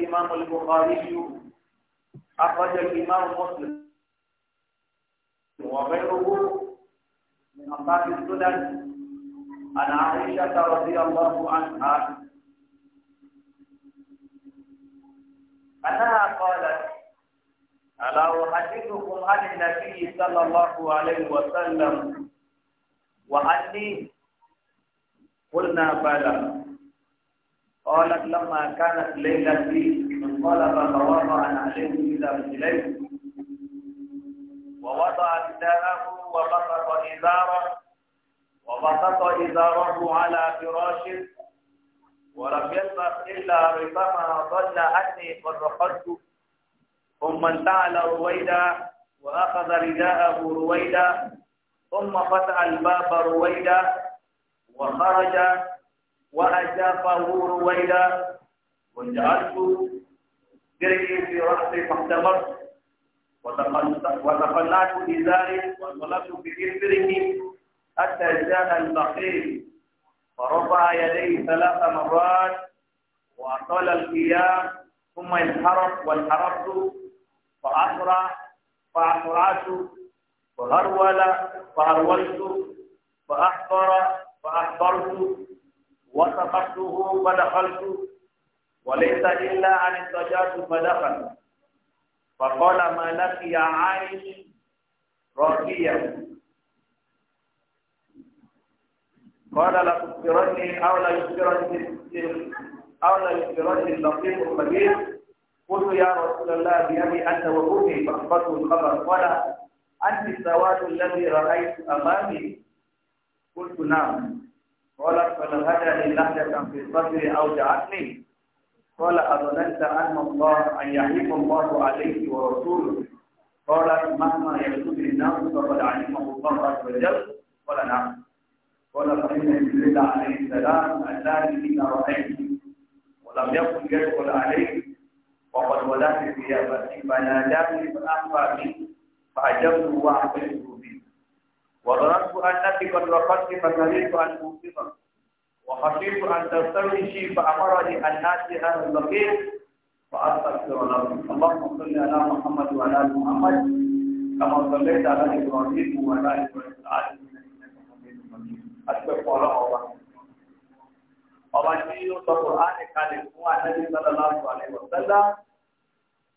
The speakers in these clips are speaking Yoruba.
Imam Al-Bukhari Akhrajal Imam Muslim وغيره من أصحاب السنن عن عائشة رضي الله عنها أنها قالت ألا أحدثكم عن النبي صلى الله عليه وسلم وعني قلنا بلى قالت لما كانت ليلتي انقلب عن عليه إلى رجليه إزاره وبسط إزاره على فراشه ولم يلبس إلا ربما ظل أني قد رقدت ثم انتعل رويدا وأخذ رداءه رويدا ثم فتح الباب رويدا وخرج وأجافه رويدا وجعلت درعي في رأسي فاحتمرت وتقنعت بذلك وانطلقت إثره حتى جاء البخيل فرفع يديه ثلاث مرات وأطال القيام ثم انحرف وانحرفت فأسرع فأسرعت فهرول فهرولت فأحضر فأحضرت وسقطته فدخلت وليس إلا أن اضطجعت فدخل فقال ما لقي عائش راقيا قال لتخبرني او لا او لا يخبرني اللطيف الخبير قلت يا رسول الله بأبي أنت وأمي فأخبرته الخبر قال أنت السواد الذي رأيت أمامي قلت نعم قالت فلو هدى لي لهجة في صدري أو جعلني قال أظننت أن الله أن يحيف الله عليك ورسوله قال مهما يكتب للناس فقد علمه الله عز وجل قال نعم قال فإن جبريل عليه السلام أتاني إن رأيت ولم يكن يدخل عليه وقد ولات ثيابتي فناداني فأخفى بي فأجبت وأحببت بي وظننت أنك قد رقدت فسألت أن أوصفك وخشيت أن تستوحشي فأمرني أن آتي أهل البقيع فأستغفر لكم اللهم صل على محمد وعلى آل محمد كما صليت على إبراهيم وعلى إبراهيم في العالمين إنك حميد مجيد أشكرك على الله ọba tí ó sọ kùránì kalẹ̀ fún àtẹ́jú sallallahu alaihi wa sallam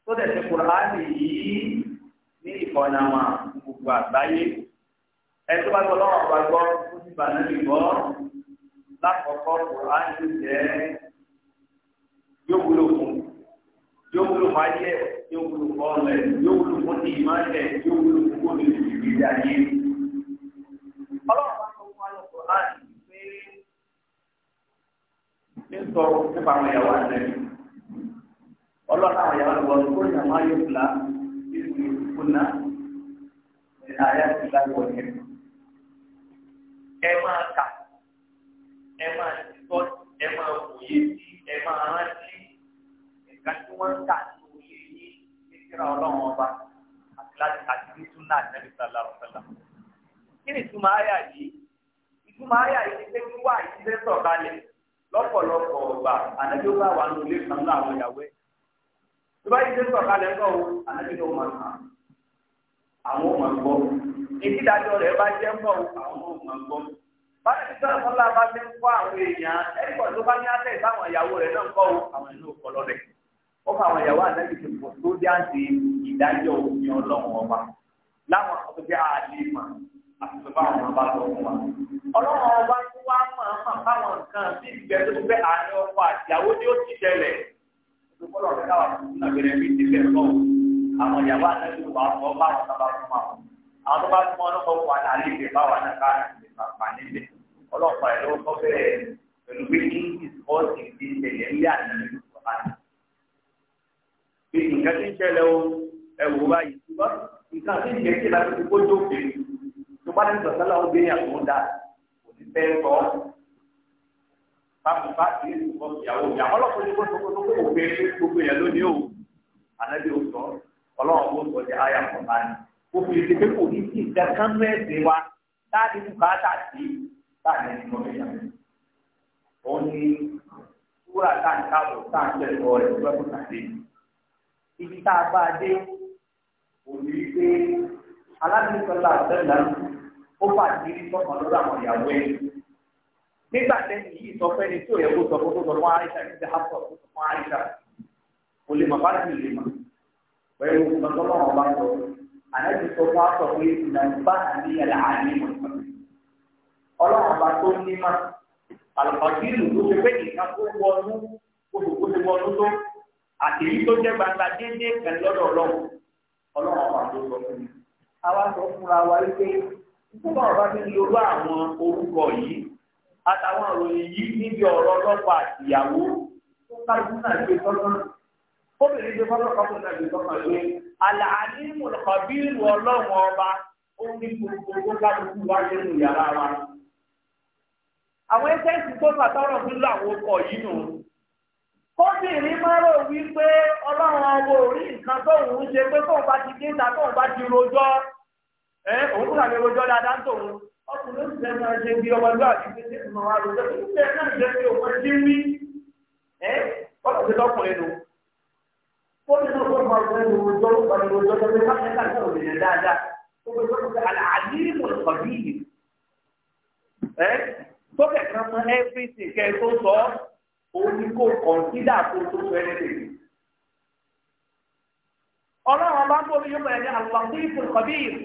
tó dẹ̀ ṣe kùránì yìí ní ìfọ̀nàmà gbogbo àgbáyé ẹ̀ tó bá gbọ́ lọ́wọ́ ọba gbọ́ tó ti bà náà lè gbọ́ lákọ̀ọ́kọ́ kùránì jẹ́ yóò wúlò fún yóò wúlò fún ayé yóò wúlò fún ọ̀lẹ̀ yóò wúlò fún ní ìmọ̀lẹ̀ yóò wúlò fún kóni ìrírí ayé. ọlọ́run bá tó fún ayọ̀ kùránì pé ní sọ̀rọ̀ nípa àwọn ìyàwó àlẹ́ ọlọ́run àwọn ìyàwó àlẹ́ wọ̀nyí kóni àwọn ayé fìlà ìlú ìfúnná ìlà ayé fìlà ìwọ̀nyí. ẹ máa kà ẹ máa ti gbọ́ ẹ máa wòye sí ẹ máa rántí ẹ̀ka tí wọ́n ń kà ní òye yìí ní síra ọlọ́run ọba àti láti àti ní súnà àtẹ́bí sàlá ọ̀sẹ̀lá. kí ni ìtumọ̀ àyà yìí ìtumọ̀ àyà yìí ni pé kí wà ìdílé sọ̀kalẹ̀ lọ́pọ̀lọpọ̀ ọ̀gbà ànájọ́ bá wà ní ilé kan náà àwọn ìyàwó ẹ̀. tó bá ìdílé sọ̀kalẹ̀ ń bọ̀ wọ ànájọ́ ló máa kàn àwọn ò máa gbọ́. èyí báyìí sọ́dọ̀ fún la bá ti ń kọ́ àwọn èèyàn ẹ̀ríkọ̀ tó bá ní àtẹ̀ ìbáwọn ìyàwó rẹ̀ náà ń kọ́ àwọn ìlú ọ̀pọ̀lọ́ rẹ̀ ó fà àwọn ìyàwó àtẹ́bí ti pọ̀ tó dé àti ìdájọ́ òfin ọlọ́run ọba láwọn ọ̀tọ́jú àdé mà àti bàbá àwọn ọba tó fún wa. ọlọ́run ọba tó wá mọ̀ ọ́n mọ̀ fáwọn nǹkan bí ìgbẹ́ tó fẹ́ àárín ọkọ àtìyàwó wà fọ́ báwọn sábà fún àǹfààní bẹ̀. ọlọ́pàá ẹ̀ ló kọ́ bẹ́ẹ̀ pẹ̀lú pé kí ìsọ́ọ̀tì ti tẹ̀lé ilé àná ní ìsọ̀hánì. bí nǹkan ti ń ṣẹlẹ̀ o ẹ̀wò báyìí ṣùgbọ́n nǹkan ti ń ṣe sí láti fi kójú òkè tó bá ní sọ̀tálà ó gbéyàn tó ń dà kò ní fẹ́ sọ báwo bá ti ń sọ ìyàwó ìyàwó ọlọ́pàá kó tó kó òfin gbogbo yẹn lónìí o ànábì táàdì bùkátà sí táàdì ìfọ̀mẹ́sà. ó ní wúrà táǹkà bò táǹkà ẹ̀kọ́ rẹ̀ wọ́n kò tàdé. ibi tá a bá a dé òní wípé alábìsọ̀lá àtẹ̀lá ó pàdé sọ́kàn lọ́dọ̀ àwọn ìyàwó ẹ̀. nígbà tẹ́lẹ̀ yìí sọ fẹ́ ni tí ò yẹ kó sọ fún tó fún àríṣà ní ti hapọ̀ tó sọ fún àríṣà lè mọ̀ bá ti lè mọ̀ pẹ̀lú ìgbàgbọ́ àlejò tó fún aṣọ pé ìlànà ní ẹ̀là àìní ọlọ́run ọba tó ní mà àlùfàkìlù ló ṣe pé ìkan tó wọnú oṣù tó wọnú tó àtẹ̀yí tó jẹ́ gbangba déédéé pẹ̀lú lọ́dọ̀ ọlọ́run ọlọ́run ọba tó sọ fún mi. àwa sọ fúnra wa wípé nígbà ọba ti lorú àwọn orúkọ yìí àtàwọn ìròyìn yìí níbi ọ̀rọ̀ ọlọ́pàá àtìyàwó tó kálukú náà gbé tọ́lọ́nà àlàálímù kọ̀bíìrù ọlọ́run ọba ó ní gbogbo owó kálukú wá nínú yàrá wa. àwọn ẹsẹ̀ǹsì tó fàtọ́rọ̀ fún làwọn ọkọ̀ yìí nù. kóbìnrin máa rò wípé ọlọ́run ọba ò rí nǹkan tóun ń ṣe pé tóun bá ti dé ìta tóun bá ti rojọ́ ẹ òun kúrò àlè rojọ́ dáadáa tóun ọkùnrin ti fẹ́ máa bí ọmọdé àti ṣe ìmọ̀ wa tó ń bẹ̀rẹ̀ náà jẹ́ pé òun ti rí ẹ كل نقول مرتين والجو والجو اللي ما يقدر لا لا هو everything كان يقول òní kò kọ̀ǹsídà tó tó fẹ́rẹ́ lè. ọlọ́run bá tóbi yóò bẹ̀rẹ̀ ní àlùfáàfíìfù kọ̀bíìfù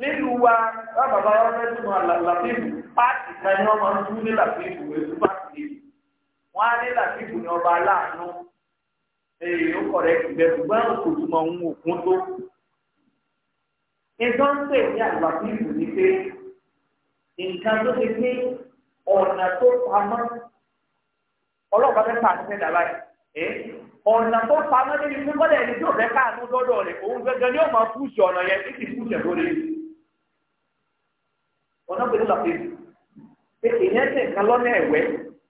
nílùú wa bàbá wọ́n á ní làfíìfù ní ọba aláàánú èyí ó kọ̀rẹ́ ìbẹ̀rù bá òkú tó máa ń òkun tó. nǹkan ń pè ní àgbà fíìmù ni pé nǹkan tó ti pé ọ̀nà tó pamọ́ ọlọ́pàá fẹ́ pàṣẹ fẹ́ dàbá ẹ̀ ọ̀nà tó pamọ́ níbi tí wọ́n lẹ̀ ní tí òfẹ́ káàánú lọ́dọ̀ rẹ̀ òun gẹ́gẹ́ ni ó máa fúùsì ọ̀nà yẹn tí kì í fúùsì ẹ̀ lórí. ọ̀nà pẹ̀lú làpẹ́jù pé èèyàn ṣe nǹkan lọ́nà ẹ̀wẹ́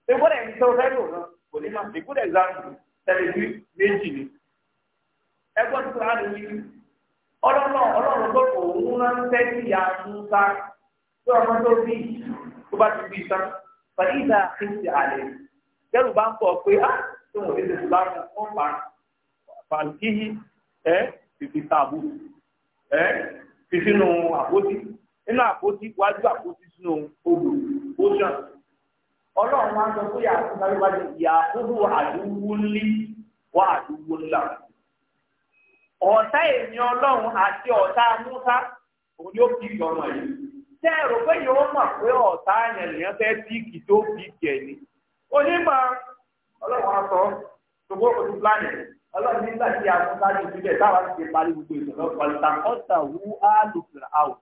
pé wọ́n lẹ̀ ní tí tẹlifí méjì ni ẹgbẹ́ tuntun á lè wí ọlọ́run ọlọ́run tó kò ń tẹ́tí àtúntà tó ọmọ tó bí tó bá ti bí tán pẹ̀lú ìdá àkíyèsí àlẹ́ yẹ́rù bá ń pé á ah, tó wọ́n tètè pa ẹ́ fífi ọlọ́run máa ń sọ pé yàtọ̀ sáré wájú ìyàkúrú àdúwúlí wà àdúwúlà ọ̀tá èmi ọlọ́run àti ọ̀tá múta òun yóò fi ìyọ̀nà yìí tẹ́ ẹ̀rọ pé yóò mọ̀ pé ọ̀tá yẹn fẹ́ tó ni onímọ̀ ọlọ́run aṣọ ọlọ́run nígbà tí ìbílẹ̀ táwa ti parí gbogbo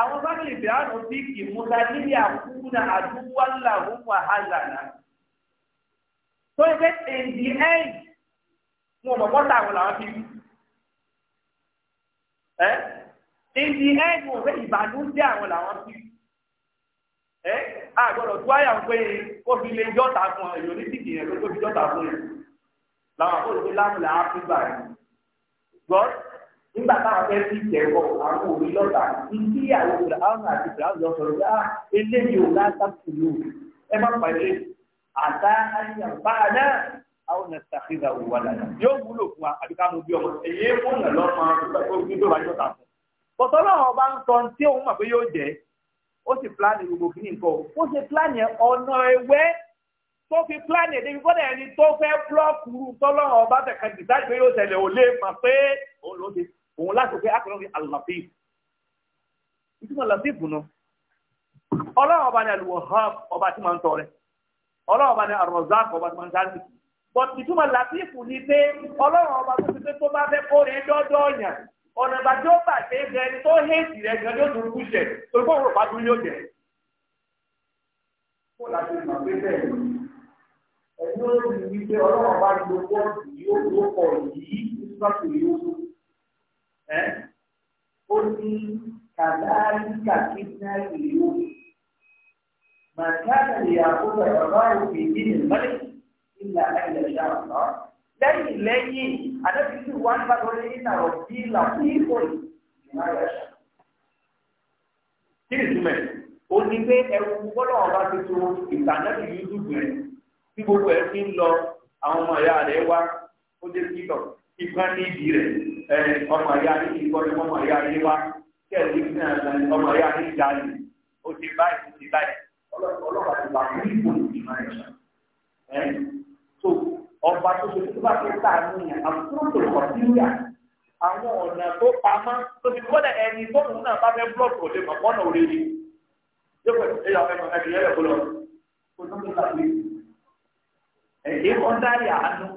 àwọn bá lè fẹ́ àánú bí ìmúra níbi àkúnà àdúgbò làwọn wàhálà náà. tó yẹ pé in the end wọn ò mọ̀ mọ́ta àwọn làwọn bí. ẹ in the end wọn ò fẹ́ ìbànújẹ́ àwọn làwọn bí. ẹ àgbọ̀dọ̀ tó àyà ń pé kó fi lè jọ́ta fún ẹ yòó ní tìkì yẹn ló tó fi jọ́ta fún ẹ. làwọn àkóso lámùlà á fi gbà yẹn nígbà táwọn fẹ́ fi jẹ̀wọ́ àwọn òbí lọ́ta ìdí àwọn fìlàwọn àti fìlàwọn lọ sọ̀rọ̀ yá ah, eléyìí ò lásán kùlù ẹ má pàdé àtà àyà báadá àwọn nàìjíríà wò wà láyà yóò wúlò fún wa àbíká mo bí ọmọ èyí fún ìyàn lọ́mọ orí tó bá yọta fún. bọ̀tọ́ náà ọba ń sọ tí òun mọ̀ pé yóò jẹ́ ó sì pílánì gbogbo kí ni nǹkan o ó tó fi pílánì ẹ̀dẹ́bí kọ́dà ẹni tó fẹ́ búlọ́ọ̀kù tọ́lọ́run ọba tẹ̀ka dìtàjì pé yóò tẹ̀lé ò lè mọ̀ pé òun ló ti òun láti pé akọ̀rọ̀ ní al-latif ìtumọ̀ latif nù ọlọ́run ọba ní al-wahhab ọba tí máa ń tọrẹ ọlọ́run ọba ní ar-razzaq ọba tí máa ń sáré but ìtumọ̀ latif ni pé ọlọ́run ọba tó ti pé tó bá fẹ́ kó rẹ dọ́dọ́ ọ̀yàn ọ̀nà ìgbà tí ó bà pé gan ẹni tó hẹ́ẹ̀sì rẹ gan yóò dúró kúṣẹ̀ torí kó òun pàdún yóò jẹ. kó láti mọ̀ pé bẹ́ẹ̀ ẹ̀yin ó rí i pé ọlọ́run ọba ló wọ́ọ̀dù yóò lókọ̀ yìí nígbà tó yóò ó ní kàdáríkà kìdínárì yóò màkàtà lè àkóso bàbá òkè nínú mọ́lẹ̀ ìlà ẹ̀yẹ̀ ṣàlọ́ lẹ́yìn lẹ́yìn adébísí wà ń bàbá lé nínú àwọn bí làwọn ìkọ̀ ìgbìmọ̀ ẹ̀yẹ̀ ṣàlọ́. kí ni túmẹ̀ ó ní pé ẹ̀rù gbọ́dọ̀ ọba tuntun ìtànẹ́bì yúdùbù rẹ̀ tí gbogbo ẹ̀ fi ń lọ àwọn ọmọ ìyá rẹ̀ wá ó dé sílọ̀ ìgbà ní ìdí rẹ̀ ẹ ọmọ ayé ayé ìkọ́ni ọmọ ayé ayé wa kẹ́ẹ̀dì ní àgbàní ọmọ ayé ayé ìjáde ó ti báyìí ó ti báyìí ọlọ́run àti bàbá mi kò ní ìmọ̀ ẹ̀ ṣá ẹ̀ tó ọba tó ṣe tó bá fi ta ní àkókò kọ̀ọ̀tìyà àwọn ọ̀nà tó pamọ́ tó ti gbọ́dọ̀ ẹni tó ń náà bá fẹ́ blọ́ọ̀kì òde mọ̀ mọ́nà òrèrè yóò fẹ́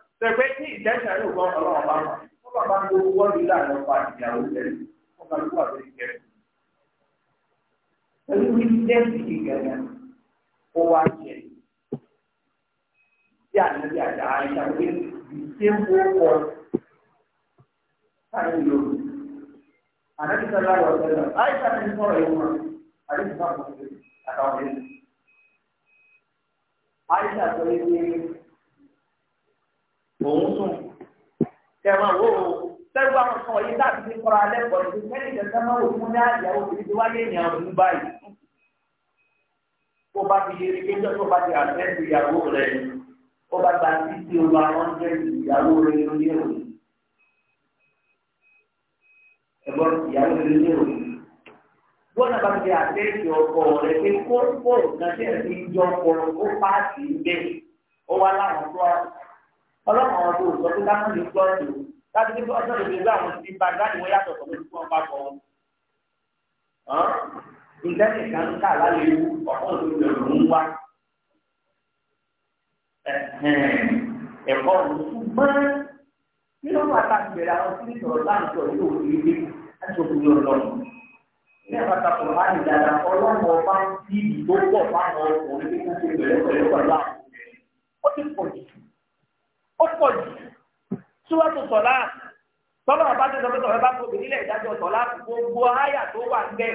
Tẹ̀pẹ́ tí ìjẹ́sẹ̀ rẹ̀ wọ́n ọlọ́run bá wà. Wọ́n bàbá ń lo wọ́ọ̀dù láàrin ọ̀pá ìyàwó tẹ̀lé. Wọ́n bá lóko àbẹ̀rẹ̀ kẹrẹ. Pẹ̀lú wíńdẹ́ẹ̀sì ìgẹ̀gẹ̀ ó wá jẹ. Bí ànábì àjà àìsàn pé ìṣe ń bó kọ sáré lò. Ànábì sọ́lá lọ sọ́lá. Àìsàn ti sọ̀rọ̀ ìwọ̀n. Àdéhùn bá wọ̀ àtàwọn ẹ̀sìn. Àìsàn sọ òun sùn kẹ máa wò ó sẹ́gbà àwọn kan wọ̀nyí láti fi kọ́ra alẹ́ pọ̀ ní sẹ́ni kẹ̀kẹ́ máa wò fún ní àyàwó kìí ti wáyé ìyàn ọ̀hún báyìí tó bá ti yẹri kéjọ tó bá ti àtẹ́sí ìyàwó rẹ̀ ó bá gba títí o bá wọn jẹ́ ìyàwó rẹ̀ lórí ẹ̀rọ ẹ̀gbọ́n ìyàwó rẹ̀ lórí ẹ̀rọ gbọ́dọ̀ bá ti àtẹ́sí ọkọ rẹ̀ pé kó kó nǹkan tẹ̀ sí ìjọ ọkọ pàṣẹ ìgbẹ́ ó wá láwọn tó ọlọ́run àwọn tó sọ pé dáná lè gbọ́ ètò láti pé ọjọ́ lè gbé àwọn ti bá dáàbò wọ́n yàtọ̀ sọ pé kí wọ́n bá kọ́ wọn. kan ká lálẹ́ ewu ọ̀pọ̀ tó lè lò ń wá. ẹ̀kọ́ ṣùgbọ́n nínú bàtà ìbẹ̀rẹ̀ àwọn tí ìṣòro bá ń sọ yóò fi dé láti òkú yóò lọ. ilé bàtà kò bá ní dada ọlọ́run ọba ti ìdókòó fáwọn ó pọ̀ jù súwọ́tò sọ̀lá tọ́lọ́ ọba tó sọ́kòtò ọba tó bèrè ilẹ̀ ìdájọ́ sọ̀lá gbogbo àyà tó wà ń bẹ́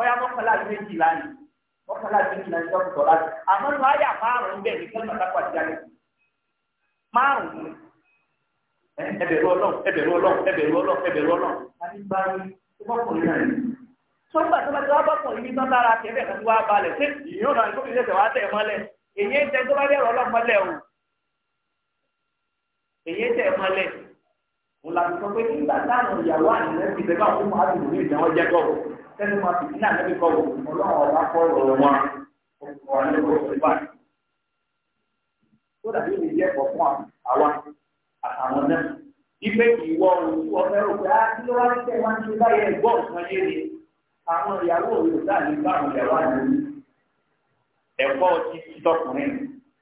ọyá mọ́kànlá ju méjìlá ni mọ́kànlá ju méjìlá ni sọ́kòtò sọ̀lá àmọ́ nu àyà márùn-ún bẹ́ẹ̀ ní kẹ́lí ọ̀tá pàṣẹ àlẹ́ márùn-ún ẹbẹ̀rù ọlọ́run ẹbẹ̀rù ọlọ́run ẹbẹ̀rù ọlọ́run ẹbẹ̀rù ọlọ́run àti gbàgbé tó bọ́kùnrin náà ni sọ́gbà tó bá ti wá bọ́kùnrin ní tẹ̀lé kan tó wá balẹ̀ ṣé ìyóò náà ní wá tẹ̀ mọ́lẹ̀ èyí ń tẹ́ tó bá bẹ̀rù ọlọ́run mọ́lẹ̀ o èyí tẹ̀ mọ́lẹ̀ òun làbí sọ pé nígbà táwọn ìyàwó àná ti bẹ báwọn fún wa dùn ní ìdáwọ́ jẹ́ kọ́ sẹ́ni máa fi sínú àná kíkọ́ wò ọlọ́run ọba kọ́ ọ̀rọ̀ wọn ọkọ̀ wọn ló kọ́ ìgbà tó dàbí ìlú jẹ́ ẹ̀kọ́ fún àwa àtàwọn náà ipe ìwọ òkú ọ̀fẹ́ òkú á kí ló wá ní tẹ̀ wá ní báyẹn gbọ́ ọ̀sán yé ni àwọn ìyàwó òyò sáàlì báwọn ìyàwó àná ẹ̀kọ́ ti tọkùnrin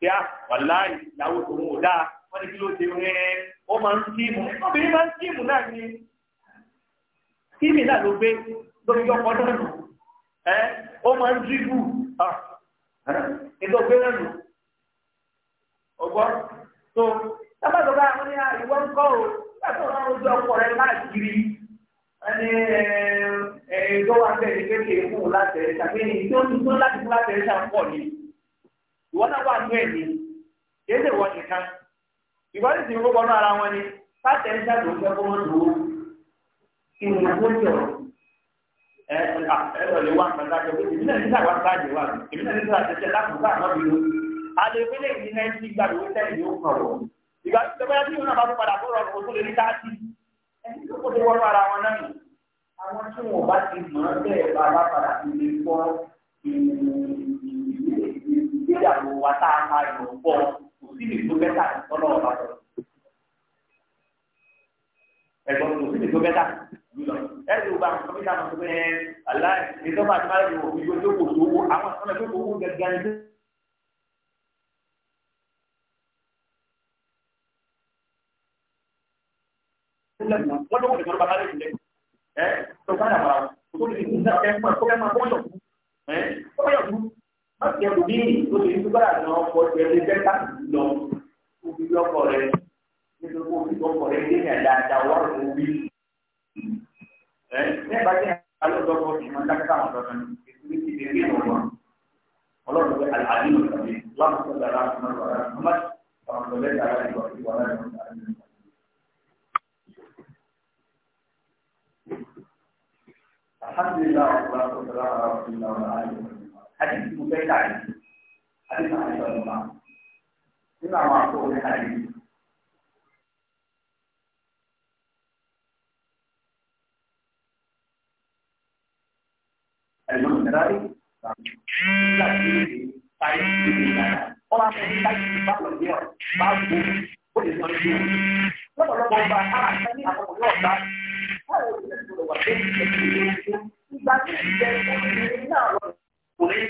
pé à ah, wàláì ìyàwó tòun ò dáa wọ́n ní kí ló dé rẹ́ ó máa ń tíìmù obìnrin máa ń tíìmù náà ni tíìmù náà ló gbé lórí ọkọ̀ náà nù ẹ́ ó máa ń dìbù ìlú gbé náà nù ọgbọ́n tó sábàdọ́gba àwọn ní ìwọ ń kọ́ o nígbà tó náà ojú ọkọ̀ rẹ káàkiri ẹni ẹ̀ẹ́dọ́ wa bẹ̀rẹ̀ pé kì í fún un láti ẹ̀ tàbí ìdí ó tuntun láti fún láti ẹ̀ ṣàpọ̀ ni náà wà ní ẹ̀mí kì í lè wọ ìwádìí sì ń kó bọ́nú ara wọn ni pátẹ́ ń ṣàdùn fẹ́ kó wọ́n lò ó kí ni wọ́n jọ ẹ ẹ lọ́ọ̀lẹ́ wà pẹ̀lú àjọ pé èmi náà ní sàgbà báyìí wà èmi náà ní sàgbà tẹ̀sẹ̀ lákòókò àmọ́ mi lò àlèfélé yìí náà ti gbàdú sẹ́yìn yóò kàn wọ́n ìgbà tó bá yàtí ìwọ̀n àbábọ̀ padà bọ̀ rọrùn tó lè ní káàtì ẹni tó kó tó wọ́n ara wọn náà àwọn tí wọn bá ti mọ̀ ọ́n bẹ́ẹ̀ bá bá padà ti lè gbọ́ ìgbéyàwó wa tá a máa yọ̀ pọ̀ síbi tó bẹ́tà lọ́nà ọ̀la lọ. ẹ̀gbọ́n kò síbi tó bẹ́tà lọ. ẹ̀rù bá mi sọ́kítà mi pé aláì ìjọba àti máa ń lo ìwé tó kò tó owó àwọn ọ̀nà tó kò owó gẹ́gẹ́ ni. wọ́n lọ́wọ́ ìjọba bàbá rẹ̀ sílẹ̀ ẹ̀ tó bá yà wà ó ní ìdílé ẹ̀ fún ẹ̀ kó bẹ́ẹ̀ máa kó yọ̀ kú ẹ̀ kó yọ̀ kú ọ̀sẹ̀ bí obìnrin tó gbọ́dọ̀ àwọn ọkọ̀ tẹ̀ lé bẹ́tà lọ òbí lọ́kọ̀ rẹ̀ nítorí òbí lọ́kọ̀ rẹ̀ dé ní àdáadá wà òbí. Nígbà tí alọ́dọ́gbọ́ ti máa dákítà àwọn ọ̀dọ́ kan ètò ìdí ti rí ìwọ̀n wọn. Ọlọ́run pé àlàyé ló tàbí láwọn tó dára àwọn ọ̀dọ́ rẹ̀ ọmọ àwọn ọ̀dọ́ rẹ̀ dára ìwà ìwà rẹ̀ الحمد لله والصلاة والسلام على رسول الله وعلى آله وصحبه hadis itu saya tadi. Hadis mana itu Allah? Ini nama aku oleh hadis. Al-Imam Nawawi Orang yang baik sebab lebih bagus, boleh maju. Kalau lomba anak ini apa boleh lomba? Kalau tidak boleh wajib, tidak boleh. Tidak boleh. Tidak boleh kò náà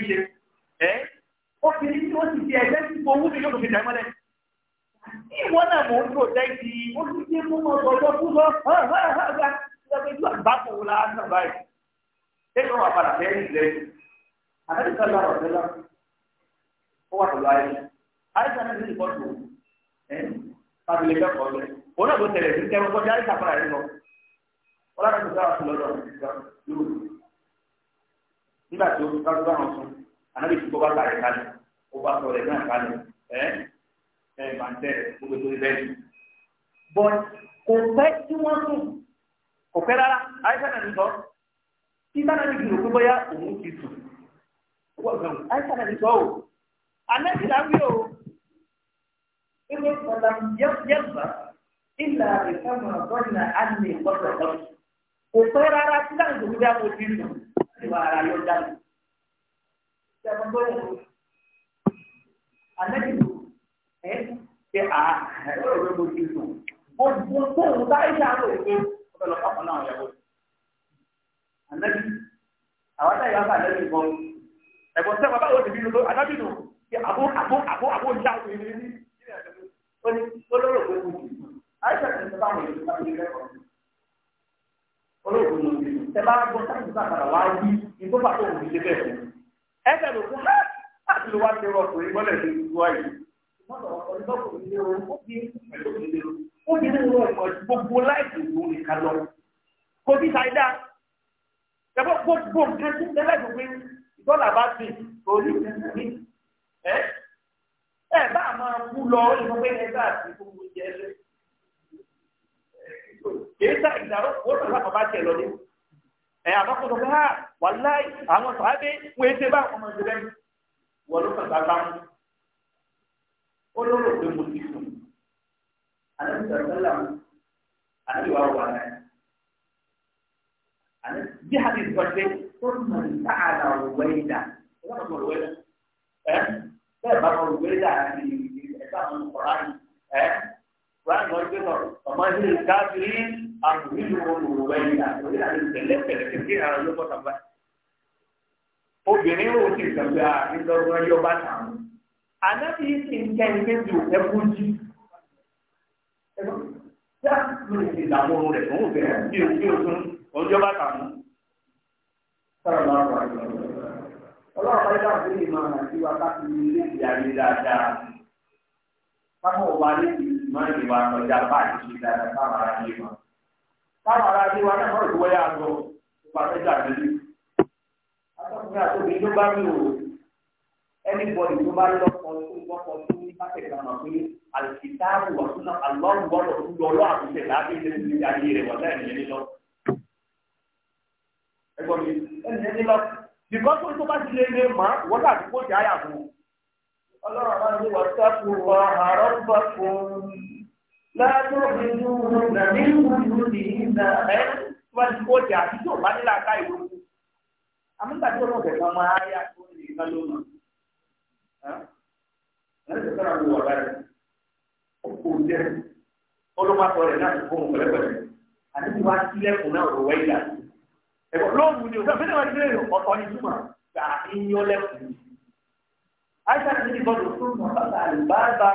mò ń lò dẹ́ẹ̀tì olùdíje fún ọmọ ọjọ́ fún lọ ìjọba nígbà tí ó bá gbọ́ àwọn sun ànábì tí bọ́ bá bàrẹ̀ kalẹ̀ ó bá sọ rẹ̀ náà kalẹ̀ ẹ ẹ bàǹtẹ̀ gbogbo tó bẹ́ẹ̀ ni. bọ́n kò pẹ́ tí wọ́n sùn kò pẹ́ rárá àyíṣà náà ní sọ tí bá náà ní kìlọ̀ pé bóyá òun ti sùn àyíṣà náà ní sọ o ànábì là wí o ilé ìfọ̀dà yẹ́gbà ilà ìfọ̀mọ̀ bọ́ọ̀nà àmì ìfọ̀dà kò pẹ́ rárá tí bá náà ní kìlọ̀ pé ìwà ara yóò dànù. Ṣẹ́gun gbọ́dọ̀ tó. Àlẹ́bí tó ẹ́ ṣe à ẹ̀rọ ìwé mo ti sùn. Gbogbo tóun bá ń ṣàlò èké ọ̀pẹ lọ sọ́kàn náà yẹ̀wò. Àlẹ́bí àwọn táyà yóò bá àlẹ́bí bọ́. Ẹ̀gbọ́n sẹ́wọ̀n báwo ti bí lolo àdábì nù? Ṣé àbó àbó àbó àbó ìjà òkè ní ní ní ìrìn àjò? Ó ní olóró òkè kùkù. Àìsàn ti sọ fáwọn èèyàn láti ilé ẹ̀kọ́ olóògùn ló ń bí ẹ bá gbọ́ sáyẹ̀nsì sàkàrà wá yí ìgbó pàtó òun ìdílé bẹ́ẹ̀ fún ẹ fẹ́ lò fún láti lè wá ṣe ọkùnrin mọ́lẹ̀ ní ìlú ayé obìnrin wọn ìmọ̀ gbogbo láìpẹ́ òun nìkan lọ kò bí sáyidá ẹ̀fọ́ gbogbo nǹkan tí ẹ lẹ́dùn pé dọ́là bá ti orí ìtẹ́sí ẹ bá máa kú lọ ìmọ̀ pé ẹ gbogbo jẹ́ lẹ́sẹ̀. kìí sá sa ó sọ sábà bá tiẹ̀ e ní. ẹ àbákòtò pé ha wàláì àwọn sàábé wọn ètè bá ọmọ ìdílé wọn ló a ti sọ pé tó ń mọ̀ ní sáàlà òwe ìdá. ọlọ́run mọ̀ òwe ìdá. ẹ bẹ́ẹ̀ bá mọ̀ òwe Quran lọ gbé sọ̀rọ̀ ọmọ ilé káfírí àkùnrin ló ń lò wẹ́ yìí àti pẹ̀lẹ́pẹ̀lẹ́ kékeré ara ló bọ́ta bá. Obìnrin ò sì sọ̀gbà nítorí ọjọ́ bá tàn. Ànábì ti ń kẹ́ ẹni kéjì ò ẹkú jí. Ṣé àtúntò ti dààmú rẹ̀ fún òbẹ̀rẹ̀ bí o bí o tún ọjọ́ bá tàn? Sọ̀rọ̀ àti má ní wa kọjá báyìí ṣe dáadáa táwọn ará yé wa táwọn ará yé wa náà mọ̀rọ̀ wọ́yà lọ nípa mẹ́ta nílé atọ́kùnrin àtòbí ló bá mi ò ẹnìbọ̀dì tó bá lọ́kọ̀ tó lọ́kọ̀ tó ní kákẹ́kẹ́ àmọ́ pé àlùkìtàbù wà fún àlọ́ọ̀bù gbọ́dọ̀ tó lọ lọ́ àbúṣe láti ṣe ní ayé rẹ̀ wọ́n náà nìyẹn lọ. ẹgbọ́n mi ẹnìyẹn lọ bìkọ́ ọlọ́run máa ní wàtápù wa àrọ́bà fún látọ́bí lúrú nàní lúrú ní ìlà ẹ̀ wọ́n ti kó jà àti tó bá nílà ká ìlú. àmúgbà tí olóhùn kẹ̀kẹ́ máa yá tó ní ìlú ló mọ̀. ẹ̀rọ ìṣẹ̀kọ́ náà ló wà láyé ó kò jẹ́ olómọ́tò rẹ̀ náà fún òun pẹ̀lẹ́pẹ̀lẹ́ àti tí wàá sílẹ̀kùn náà rọ̀ wẹ́yà. ẹ̀kọ́ lóòrùn ni òun fẹ́ẹ́ fẹ́ẹ́ Aisha níbi gbọ́dọ̀ fún mọ̀tàlá àlùbáàbà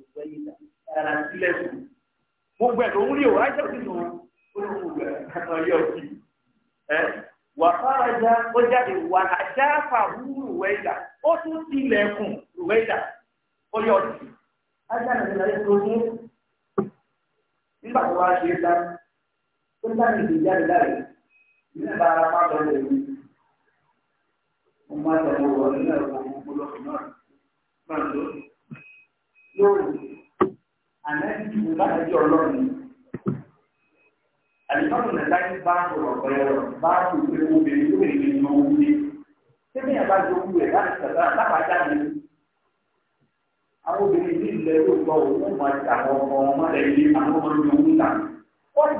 ìgbẹ́ ìdá ẹ̀rọ sílẹ̀ fún. Gbogbo ẹ̀ ló ń rí o, Aisha ti nù olùkùn rẹ̀ ẹ̀rọ yọ̀ sí. Ẹ wà fara já ó jáde wà ó tún ó sí. Aisha nígbà tó wá ṣe é dá ó ń dáhùn ìdí jáde láàyè pàǹdó lóòrù ànábì ìbáraẹjọ ọlọ́run àlùfáàlù nàdá ní báàbù ọ̀pọ̀ ẹ̀rọ báàbù ìpínlẹ̀ obìnrin tó lè ní owó ní sẹ́mi àbá jogú rẹ̀ láti sàtà lápàjá mi àwọn obìnrin ní yóò gbọ́ ọmọ rẹ̀ yé àwọn ọmọ wọ́n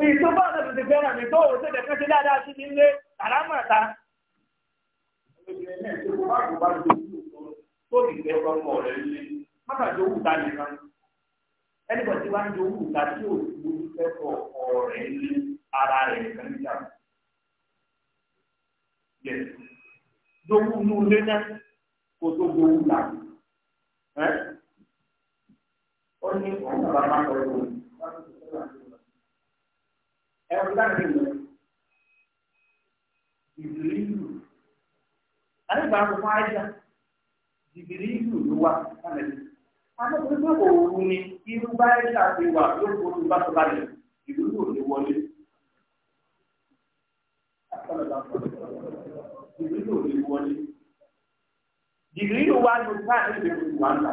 ti tó bá ọ̀nà tó tó ti fẹ́ kọ́kọ́ rẹ̀ lé mọ́tà tó wù ta nìkan ẹnìkan tí wàá jó wù ta tí ò wù fẹ́ kọ́kọ́ rẹ̀ lé ara rẹ̀ nìkan níjà. yẹ dowó nù lé náà kó tó dowó ta ẹ ó ní ọ̀hún bàbá máa tọ̀ ọ́ ẹ wọ́n dá nìyẹn ìdílé ìlú. Àdébàá kò fún àìsàn jìbìrì ìlú ló wà lálẹ́. Adébọ̀lẹ́ náà kò wù ní irú báyìí láti wà lóko tó bá tó bá lẹ̀ ìlú yóò lè wọlé. Jìbìrì yóò lè wọlé. Jìbìrì yóò wá lóko náà lè lè wà ńlá.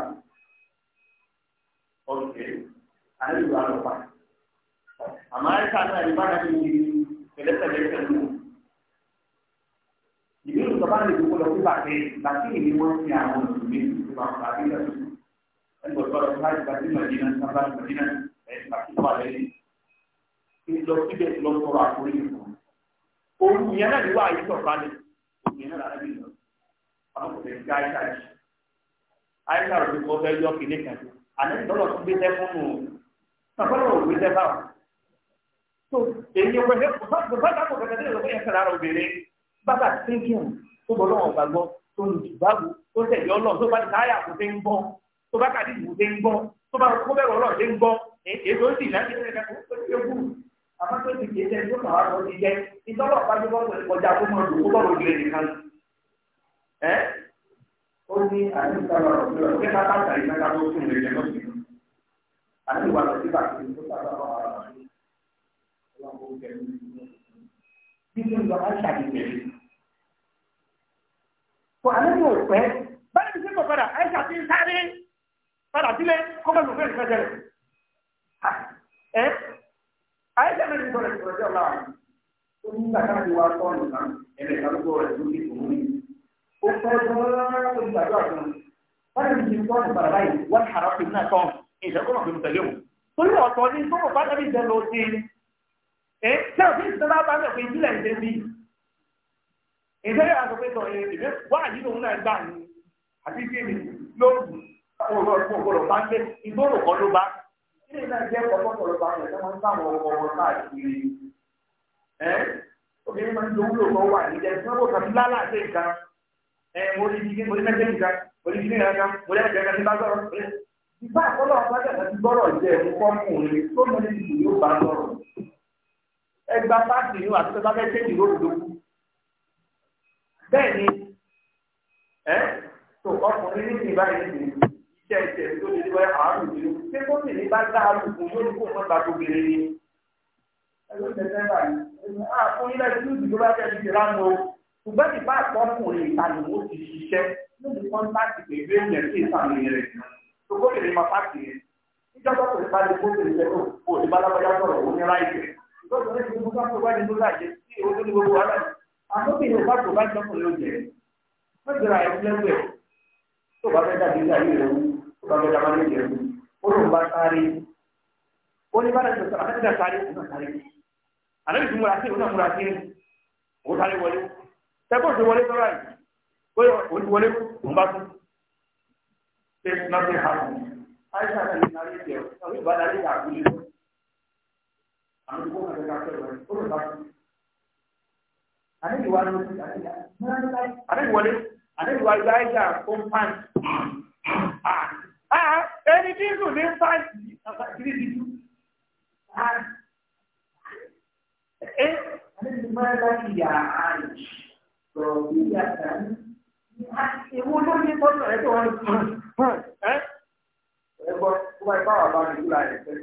Ọ̀kẹ́ àlejò àlọ́pàá. Àmọ́ àyíká náà ìbára ti di pẹ̀lẹ́pẹ̀lẹ́ pẹ̀lú ìjọba lè gbogbo lọ sí bàtẹ́ bàtẹ́ ìní wọ́n fi àwọn òṣùmí tó bá fà bí lọ́sùn. ẹgbẹ́ ọ̀tọ́ lọ sí bàtẹ́ màdínà sábà màdínà ẹ̀ bàtẹ́ tó wà lẹ́yìn. ìlọ síbẹ̀ lọ sọ̀rọ̀ àkórí nìkan. òun yẹn náà ni wà á yí sọ̀rọ̀ balẹ̀ òun yẹn náà lábẹ́ ìlọ. àwọn kò tẹ̀sí àyíká yìí. àyíká rẹ̀ ló fẹ́ yọ kìnní kan. àná ìtọ́lọ̀ tún gbé tẹ́ fún un. sàkọ́lọ̀ ò gbé tẹ́ fáwọn. tó èyí wọ bàbá kò fẹ́ bàbá kò fẹ́ tó bọ́ lọ́wọ́ gbàgbọ́ tó lu ìbáwò tó tẹ̀lé ọlọ́ tó bá ní káyà kó tẹ́ ń bọ́ tó bá kàdí ìbò tẹ́ ń bọ́ tó bá kó bẹ̀rù ọlọ́ tẹ́ ń bọ́ èso sì láti ṣe tó ṣe kú lọ ti jẹ́ ìtọ́lọ̀ kó bọ̀ lójú ẹ̀jẹ̀ kan. ẹ ó ní àdúgbò náà ká tó tún lè jẹ́ lọ́sìn àdúgbò kò alẹ́ ní òpẹ́ báyìí ti sẹ́kọ̀ọ́ padà ẹ̀ ṣàfi ń sáré padà sílẹ̀ kọ́mọ̀ ló fẹ́ẹ́ fẹ́ẹ́ ẹ̀ ayé ṣe mẹ́rin sọ̀rọ̀ ìṣòro jẹ́ ọ̀la ó ní gbàgbá ti wá tọ́ nìkan ẹ̀rẹ̀ ìdádúgbò rẹ̀ ló ní òun ní ó fẹ́ dọ́rọ́ tó gbàgbá fún un báyìí ti tọ́ ní padà báyìí wọ́n ṣàrọ̀ sí náà tán ìṣẹ́kọ̀ọ́ tó ń tẹ̀lé òun torí ọ̀tọ̀ ní tó kò bá dábì jẹ́ lọ sí ẹ̀ ṣé òfin ìṣẹ́lá bá bẹ̀ fún ìbílẹ̀ ìṣẹ́ bíi e yà sọ pé sọ ẹ ìgbẹ́ wà yìí lòun náà gbà ní àti kí ni ọ̀rọ̀ bá kan ló bá. náà jẹ́ ọ̀pọ̀lọpọ̀ sáwọn ọmọ káàkiri. máa ń kan wà mo rí mo rí mẹ́tẹ́ mo rí mo rí bẹ́ẹ̀ ni ẹ́ tó ọkùnrin ní ìgbà yìí ní iṣẹ́ ìṣẹ́ tó lè lọ àárò ìlú pé kó sì ní bá dá àlùkù yóò ní kó mọ́ ta tó gbére ni. ẹgbẹ́ tẹ̀sán báyìí àfún ilẹ̀ tí ìdìbò bá fẹ́ẹ́ fi lánà o ṣùgbọ́n ìbá àpọ́kùnrin ìtàlù ó ti ṣiṣẹ́ lóbi kọ́ńtàkì pẹ̀lú èèyàn sí ìtàlù rẹ̀ tó kó lè máa pàṣẹ yẹn. ìjọba kò ní bá lè kó lè lẹ́kọ̀ọ́ kò ní bá lábọ́já sọ̀rọ̀ òun ní láìpẹ́ ìjọba kò ní àtọ́bìnrin bá tó bá jọ́kùnrin oúnjẹ mẹ́jọra ẹ̀fúlẹ́gbẹ̀ tó bá fẹ́ dàbí ilé ayé rẹ̀ wú tó bá fẹ́ dàbá lé jẹ̀ wú ó lóun bá sáré ó ní bára ìjọsọ àtẹ́tẹ́ sáré ó náà sáré àlẹ́ ìtumọ̀ àti ìwé náà múra sí ní òun sáré wọlé tẹ́kọ̀ọ́ ti wọlé sọ́ra yìí ó yọ òun ti wọlé òun bá tún ṣe nothing happen àìsàn àti ìlànà ilé jẹ̀ òun àdéhùwà ló ti àdéhùwà lé àdéhùwà ló ayé jà ó ń pàǹtì. ẹni tí ìlú ní pàǹtì àbàtìrì ti dùn. ẹ àdéhùwà láti yà á rọ̀ bí yàtà ní. Ìwọ ló ní bọ́dọ̀ ẹ̀ tó wọ́n ẹ̀ ẹ̀ bọ́ tó bá ipá wà bá mi kúlà ẹ̀ fẹ́.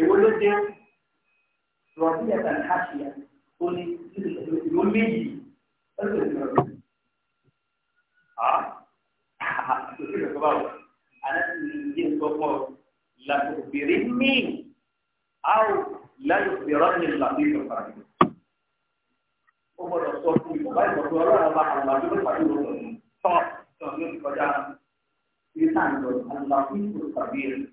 Ìwọ ló dé. رضية حاشية قولي يقول ميجي ها أنا من لا تخبرني أو لا يخبرني اللطيف الخبير هو الرسول في الموبايل وقال الله مع اللطيف الخبير صح صح يقول الله اللطيف الخبير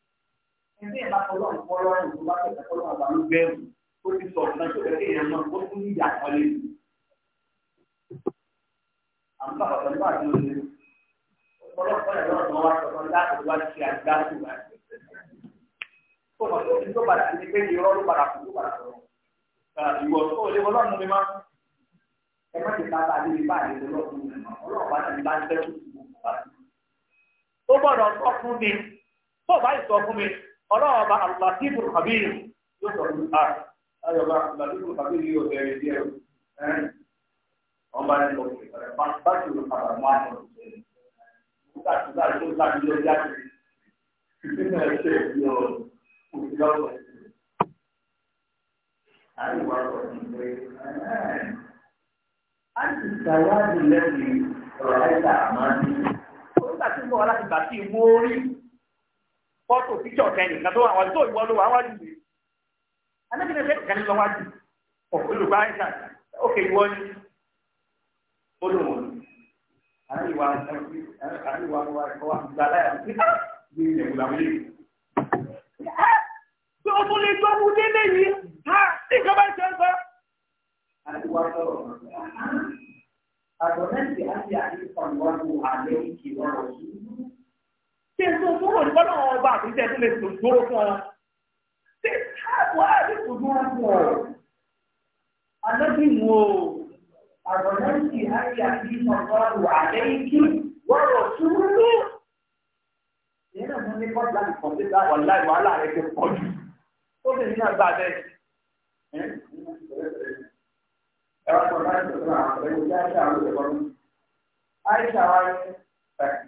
ẹbí ẹ̀ bá fọlọ́ ìfọlọ́ ẹ̀ tó bá tẹ̀sẹ̀ fọlọ́ ọ̀gá ló bẹ̀rù ó ti sọ ọ̀gá tó bẹ̀rẹ̀ kéèyàn náà ó tún níyà àkọlé. àǹfà ọ̀sẹ̀ nípa àti òde ọlọ́pàá ẹ̀rọ ọ̀sán wa sọ̀tọ̀ láti wá sí àgbáṣù wa. tó mọ̀ tó ti tó padà sí pé irọ́ ló padà kù tó padà sọ̀rọ̀. ìwọ tó lé ọlọ́run mi má ẹ má ti tata àdé mi bá àdé ọlọ́run mi má ọlọ́run bá tó bọ̀dọ̀ sọ fún mi tó bá ì sọ fún mi ọlọ́ọ̀bá àlùbàtíbù kàbíyì yóò sọ̀rọ̀ ah, ní àrùn ayọ̀bá àlùbàtíbù kàbíyì yóò bẹ̀rẹ̀ díẹ̀ ọba ní lọ sí ìpàdé bá ti rò padà mọ́ àwọn ọ̀sẹ̀ nígbà tí láti tó láti lọ jáde ìpínlẹ̀ ẹ̀ṣẹ̀ ìlú òsì lọ́wọ́ àríwá ọ̀rọ̀ ìwé a ti ṣàwádìí lẹ́yìn ọ̀rọ̀ ẹ̀ta àmọ́ ní. ó ń gbà tí mo wà láti gbà sí ìwó orí fọ́tò píṣọ̀ tẹ́lẹ̀ nǹkan tó wà wájú tó ìwọ ló wà wájú yìí anábìnrin fẹ́ kàn lọ wájú olùkọ́ àìsà òkè ìwọ ni olùwọ̀n àríwá àríwá wa gba láyà ní ilẹ̀ ìwúlà wọlé. Bí o tún lè gbọ́ mu délé yìí, ha sí ìjọba ìṣẹ́ ń sọ. Àríwá sọ̀rọ̀ àgbọ̀nẹ́sì àti àdìsàn wọn wò àlẹ́ ìkìlọ̀ ọ̀sùn. Ṣé n tó tó rò àkùrí tẹ́ tó lè tó dúró fún ọ. Ṣé káàbọ̀ á lè tó dúró fún ọ? Àlọ́bí wo àgbọ̀nẹ́sì àti àfihàn ọ̀rọ̀ àlẹ́ ikí wọ́rọ̀ túrú. Ìyẹn náà mo ní kọ́ láti kàn sí dáwọ̀ láì wàhálà rẹ̀ ti pọ̀ jù. Ó lè ní àgbà bẹ́ẹ̀. Ẹ wá láti sọ̀rọ̀ àwọn ọ̀rẹ́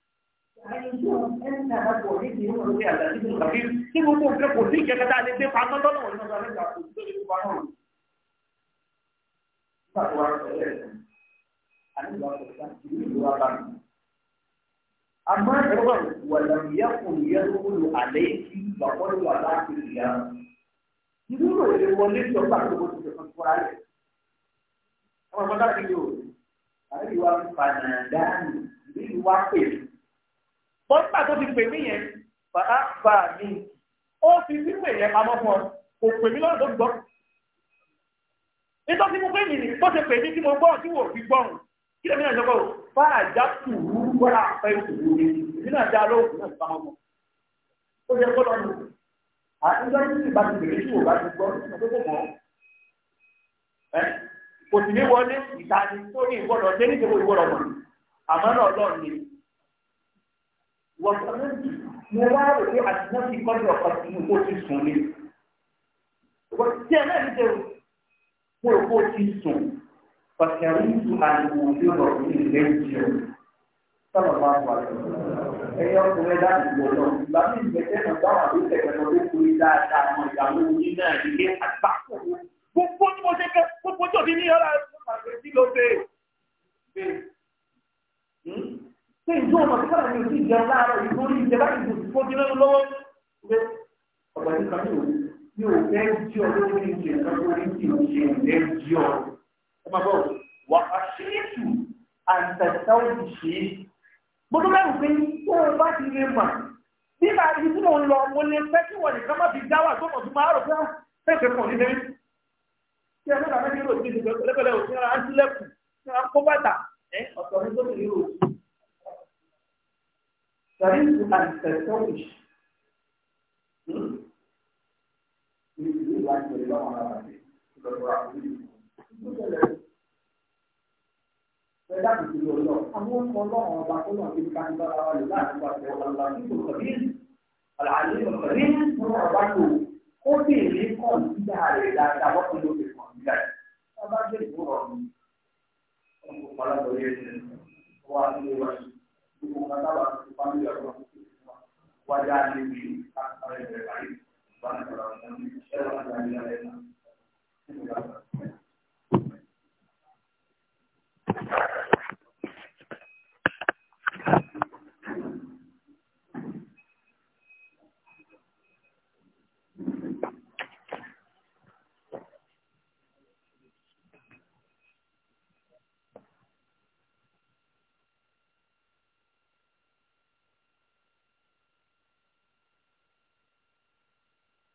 Tí gbogbo nǹkan kò ní ìjẹ́kẹ́ tá a lè gbé pamọ́ lọ́nà òun náà lọ́nà ìgbà kò sí lórí ìgbà náà. Nígbà tó wá sọ̀rọ̀ ẹ̀ àti ìgbà kò sá ìlú ìlú wa bá mi. Àmọ́ ẹ̀rọ wà làmìyá kò yẹ lóru àlẹ́ kí bàbá ló wà láti ìyá. Ìlú rò lè wọlé sọ́gbà tó bó ti tẹ̀sán fúnra rẹ̀. Àwọn ọmọdé àti ìlú àríwá Fànàdánì ìlú ìwá pèsè bọ́ńgbà tó ti pè mí yẹn bàbá bà mí ó fi wípé yẹn pamọ́ fún ọ kò pè mí lọ́dọ̀ gbọ́. nítorí mo pè mí ní bó ṣe pè mí tí mo gbọ́ tí wò fi gbọ́n kí lèmi náà sọ́kọ̀ bá àjà tù ú wọ́n àpẹ́ ìtòwú mi èmi náà dá lóògùn náà pamọ́ fún ó yẹ kó lọ́nu àtúntò yìí bá ti bèrè tí wò bá ti gbọ́ kò sì ní wọlé ìtàní wọ́n mo wá rò pé àtúnṣe kọ́ni ọ̀kan tí mo ti sùn ni tí ẹ náà ń jẹun pé ó ti sùn pàṣẹ àríwú àìwò yóò lọ sí ilé ìjẹun sábà máa wà lọ ẹyẹ ọkùnrin láti wọ lọ láti ìgbésẹ̀ náà báwọn àbí tẹ̀lé lọ lóko yìí dáadáa àwọn ìyàwó yìí náà ilé àgbákò gbogbo tí mo ṣe kẹ gbogbo tí òbí ní ọ̀la ṣé ìjọ ọmọ tí kára ní ojú ìjẹ láàárọ̀ ìgbórí ìjẹba ìbò tó ti lẹ́nu lọ́wọ́ pé ọ̀gbà nípa ní òun ní òun fẹ́ jí ọ lórí ìjẹ lórí ìjẹ ìjẹ ìjẹ jí ọ. ẹ máa bọ̀ wà á ṣe é tù àǹtẹ̀tẹ̀ ó ti ṣe é. gbogbo mẹ́rin pé tó o bá ti lè mà bí màá di tí mò ń lọ mo lè fẹ́ kí wọ́n nìkan má fi dá wà tó mọ̀ tó máa rò fún fẹ́ẹ̀fẹ́ pọ̀ nílẹ̀. kí ẹ mẹ́ta mẹ́rin ló ti di lẹ́pẹ̀lẹ́ òfin ara ń tilẹ̀kùn kí wọ́n á kó bàtà ọ̀sọ̀ ní tó ti rí òfin. شريف أن تستوي Bẹ́ẹ̀dá kò tìlò lọ, àwọn ọmọ ọlọ́run ọba tó náà ti ká ń bára wa lò láti wá sí ọba ńlá nínú kọ̀bí, àlàyé ọ̀kọ̀bí nínú ọba tó kó sì rí kọ̀ǹpútà rẹ̀ dáadáa wọ́n ti lóde kọ̀ǹpútà rẹ̀. Ọba jẹ́ ìwúrọ̀ mi, ọkùnrin ọlọ́run yẹn ti wá sí iwájú gbogbo nǹkan táwa ti fámìlì ọ̀rọ̀ wájà lè wí káàkiri ẹ̀rẹ̀ báyìí wọn ni ọ̀rọ̀ ọ̀hún ẹ̀rọ ọ̀gá ní ọ̀rẹ́ náà.